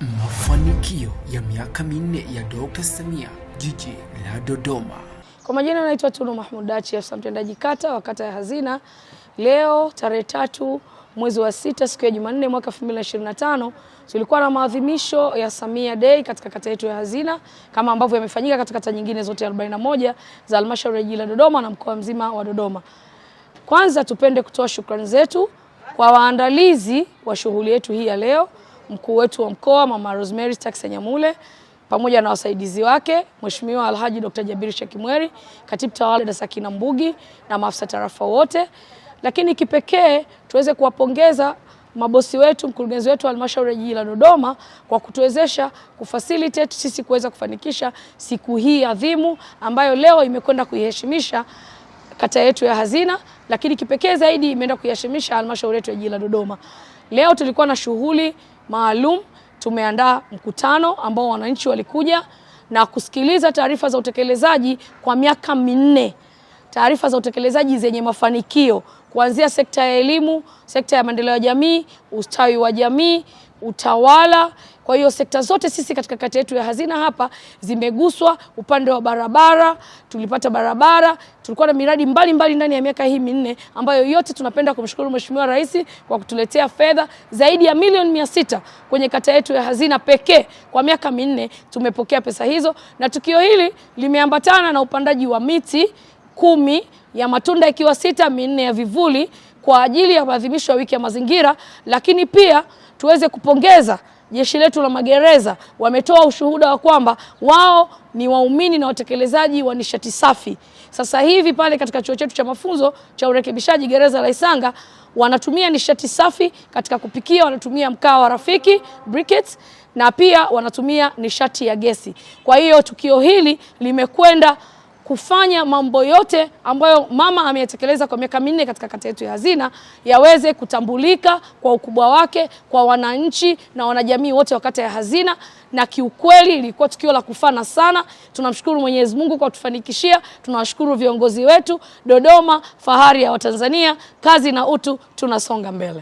Mafanikio ya miaka minne ya Dr. Samia jiji la Dodoma. Kwa majina naitwa Tunu Mahmud Achi, afisa mtendaji kata wa kata ya Hazina. Leo tarehe tatu mwezi wa sita siku ya Jumanne mwaka 2025 tulikuwa na maadhimisho ya Samia Day katika kata yetu ya Hazina kama ambavyo yamefanyika katika kata nyingine zote 41 za halmashauri ya jiji la Dodoma na mkoa mzima wa Dodoma. Kwanza tupende kutoa shukrani zetu kwa waandalizi wa shughuli yetu hii ya leo mkuu wetu wa mkoa Mama Rosemary Tax Nyamule pamoja na wasaidizi wake Mheshimiwa Alhaji Dr. Jabir Shekimweri, katibu tawala na Sakina Mbugi na maafisa tarafa wote, lakini kipekee tuweze kuwapongeza mabosi wetu, mkurugenzi wetu wa halmashauri ya jiji la Dodoma kwa kutuwezesha kufacilitate sisi kuweza kufanikisha siku hii adhimu ambayo leo imekwenda kuiheshimisha kata yetu ya Hazina, lakini kipekee zaidi imeenda kuyashimisha halmashauri yetu ya jiji la Dodoma. Leo tulikuwa na shughuli maalum, tumeandaa mkutano ambao wananchi walikuja na kusikiliza taarifa za utekelezaji kwa miaka minne taarifa za utekelezaji zenye mafanikio kuanzia sekta ya elimu, sekta ya maendeleo ya jamii, ustawi wa jamii, utawala. Kwa hiyo sekta zote sisi katika kata yetu ya Hazina hapa zimeguswa. Upande wa barabara tulipata barabara, tulikuwa na miradi mbalimbali mbali ndani ya miaka hii minne, ambayo yote tunapenda kumshukuru Mheshimiwa Rais kwa kutuletea fedha zaidi ya milioni mia sita kwenye kata yetu ya Hazina pekee. Kwa miaka minne tumepokea pesa hizo, na tukio hili limeambatana na upandaji wa miti kumi ya matunda ikiwa sita, minne ya vivuli kwa ajili ya maadhimisho ya wiki ya mazingira. Lakini pia tuweze kupongeza jeshi letu la magereza, wametoa ushuhuda wa kwamba wao ni waumini na watekelezaji wa nishati safi. Sasa hivi pale katika chuo chetu cha mafunzo cha urekebishaji gereza la Isanga wanatumia nishati safi katika kupikia, wanatumia mkaa wa rafiki briquettes, na pia wanatumia nishati ya gesi. Kwa hiyo tukio hili limekwenda kufanya mambo yote ambayo mama ameyatekeleza kwa miaka minne katika kata yetu ya Hazina yaweze kutambulika kwa ukubwa wake kwa wananchi na wanajamii wote wa kata ya Hazina. Na kiukweli ilikuwa tukio la kufana sana. Tunamshukuru Mwenyezi Mungu kwa kutufanikishia, tunawashukuru viongozi wetu. Dodoma, fahari ya Watanzania, kazi na utu, tunasonga mbele.